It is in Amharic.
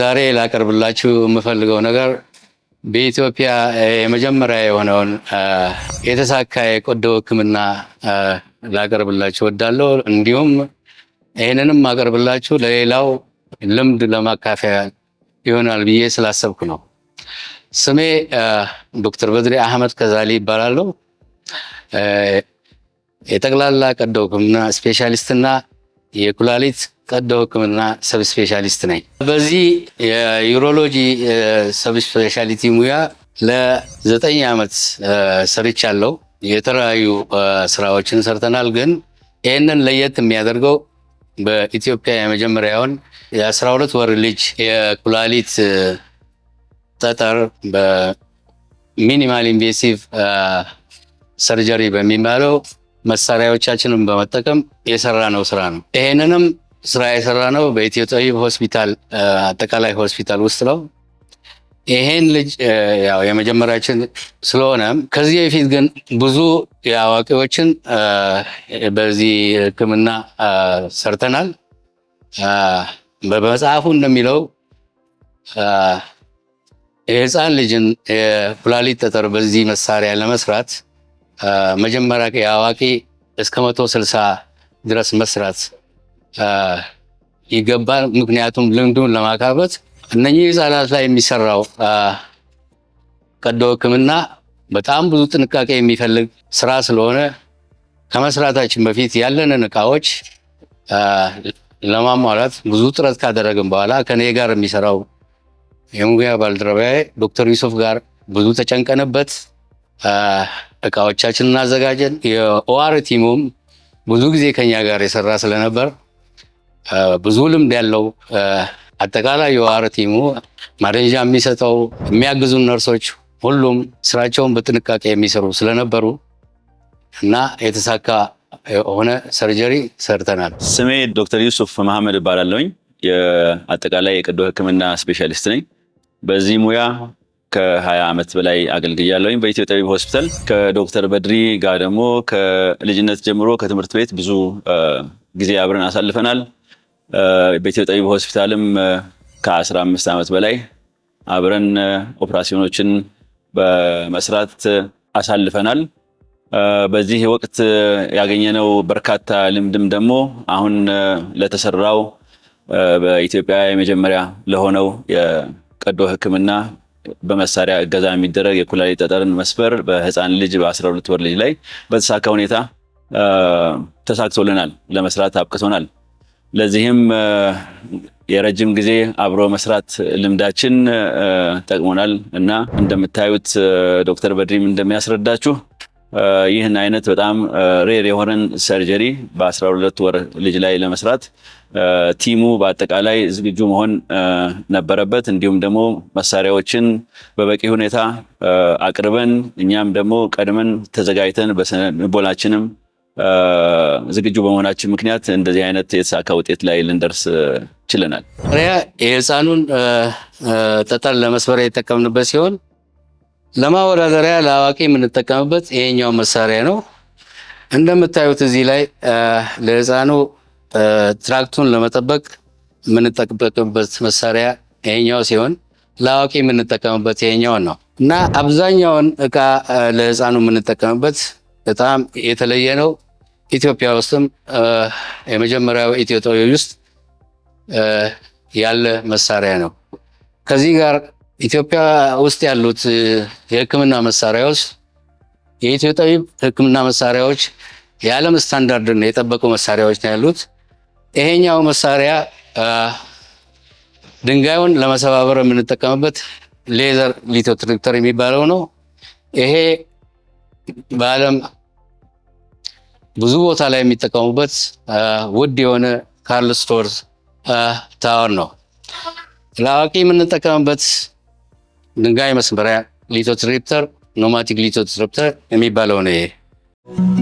ዛሬ ላቀርብላችሁ የምፈልገው ነገር በኢትዮጵያ የመጀመሪያ የሆነውን የተሳካ የቆዳ ሕክምና ላቀርብላችሁ ወዳለው እንዲሁም ይህንንም አቀርብላችሁ ለሌላው ልምድ ለማካፈያ ይሆናል ብዬ ስላሰብኩ ነው። ስሜ ዶክተር በድሪ አህመድ ከዛሊ ይባላሉ። የጠቅላላ ቀዶ ሕክምና ስፔሻሊስትና የኩላሊት ቀዶ ሕክምና ሰብ ስፔሻሊስት ነኝ። በዚህ የዩሮሎጂ ሰብ ስፔሻሊቲ ሙያ ለዘጠኝ ዓመት ሰርቻለሁ። የተለያዩ ስራዎችን ሰርተናል። ግን ይህንን ለየት የሚያደርገው በኢትዮጵያ የመጀመሪያውን የአስራ ሁለት ወር ልጅ የኩላሊት ጠጠር በሚኒማል ኢንቬሲቭ ሰርጀሪ በሚባለው መሳሪያዎቻችንን በመጠቀም የሰራ ነው ስራ ነው። ይህንንም ስራ የሰራ ነው በኢትዮ ጠቢብ ሆስፒታል አጠቃላይ ሆስፒታል ውስጥ ነው። ይሄን ልጅ ያው የመጀመሪያችን ስለሆነ ከዚህ በፊት ግን ብዙ የአዋቂዎችን በዚህ ሕክምና ሰርተናል። በመጽሐፉ እንደሚለው የህፃን ልጅን የኩላሊት ጠጠር በዚህ መሳሪያ ለመስራት መጀመሪያ የአዋቂ እስከ መቶ ስልሳ ድረስ መስራት ይገባል። ምክንያቱም ልምዱን ለማካበት እነኚህ ህጻናት ላይ የሚሰራው ቀዶ ህክምና በጣም ብዙ ጥንቃቄ የሚፈልግ ስራ ስለሆነ ከመስራታችን በፊት ያለንን እቃዎች ለማሟላት ብዙ ጥረት ካደረግን በኋላ ከኔ ጋር የሚሰራው የሙያ ባልደረባዬ ዶክተር ዩሱፍ ጋር ብዙ ተጨንቀንበት እቃዎቻችን እናዘጋጀን። የኦአር ቲሙም ብዙ ጊዜ ከኛ ጋር የሰራ ስለነበር ብዙ ልምድ ያለው አጠቃላይ የዋር ቲሙ ማደንዣ የሚሰጠው የሚያግዙ ነርሶች ሁሉም ስራቸውን በጥንቃቄ የሚሰሩ ስለነበሩ እና የተሳካ የሆነ ሰርጀሪ ሰርተናል። ስሜ ዶክተር ዩሱፍ መሐመድ እባላለሁኝ። የአጠቃላይ የቀዶ ሕክምና ስፔሻሊስት ነኝ። በዚህ ሙያ ከ20 ዓመት በላይ አገልግያለሁኝ በኢትዮጵያ ጠቢብ ሆስፒታል። ከዶክተር በድሪ ጋር ደግሞ ከልጅነት ጀምሮ ከትምህርት ቤት ብዙ ጊዜ አብረን አሳልፈናል። ቤተ ጠቢብ ሆስፒታልም ከ15 ዓመት በላይ አብረን ኦፕራሲዮኖችን በመስራት አሳልፈናል። በዚህ ወቅት ያገኘነው በርካታ ልምድም ደግሞ አሁን ለተሰራው በኢትዮጵያ የመጀመሪያ ለሆነው የቀዶ ሕክምና በመሳሪያ እገዛ የሚደረግ የኩላሊት ጠጠርን መስበር በህፃን ልጅ በ12 ወር ልጅ ላይ በተሳካ ሁኔታ ተሳክቶልናል፣ ለመስራት አብቅቶናል። ለዚህም የረጅም ጊዜ አብሮ መስራት ልምዳችን ጠቅሞናል እና እንደምታዩት ዶክተር በድሪም እንደሚያስረዳችሁ ይህን አይነት በጣም ሬር የሆነን ሰርጀሪ በ12 ወር ልጅ ላይ ለመስራት ቲሙ በአጠቃላይ ዝግጁ መሆን ነበረበት። እንዲሁም ደግሞ መሳሪያዎችን በበቂ ሁኔታ አቅርበን እኛም ደግሞ ቀድመን ተዘጋጅተን በስነ ልቦናችንም ዝግጁ በመሆናችን ምክንያት እንደዚህ አይነት የተሳካ ውጤት ላይ ልንደርስ ችለናል። የህፃኑን ጠጠር ለመስበሪያ የተጠቀምንበት ሲሆን ለማወዳደሪያ ለአዋቂ የምንጠቀምበት ይሄኛው መሳሪያ ነው። እንደምታዩት እዚህ ላይ ለህፃኑ ትራክቱን ለመጠበቅ የምንጠበቅበት መሳሪያ ይሄኛው ሲሆን ለአዋቂ የምንጠቀምበት ይሄኛውን ነው እና አብዛኛውን እቃ ለህፃኑ የምንጠቀምበት በጣም የተለየ ነው። ኢትዮጵያ ውስጥም የመጀመሪያው ኢትዮጵያዊ ውስጥ ያለ መሳሪያ ነው። ከዚህ ጋር ኢትዮጵያ ውስጥ ያሉት የሕክምና መሳሪያዎች የኢትዮ ህክምና ሕክምና መሳሪያዎች የዓለም ስታንዳርድን የጠበቁ መሳሪያዎች ነው ያሉት። ይሄኛው መሳሪያ ድንጋዩን ለመሰባበር የምንጠቀምበት ሌዘር ሊቶትሪክተር የሚባለው ነው። ይሄ በዓለም ብዙ ቦታ ላይ የሚጠቀሙበት ውድ የሆነ ካርል ስቶር ታወር ነው። ለአዋቂ የምንጠቀምበት ድንጋይ መስበሪያ ሊቶትሪፕተር ኖማቲክ ሊቶትሪፕተር የሚባለው ነው ይሄ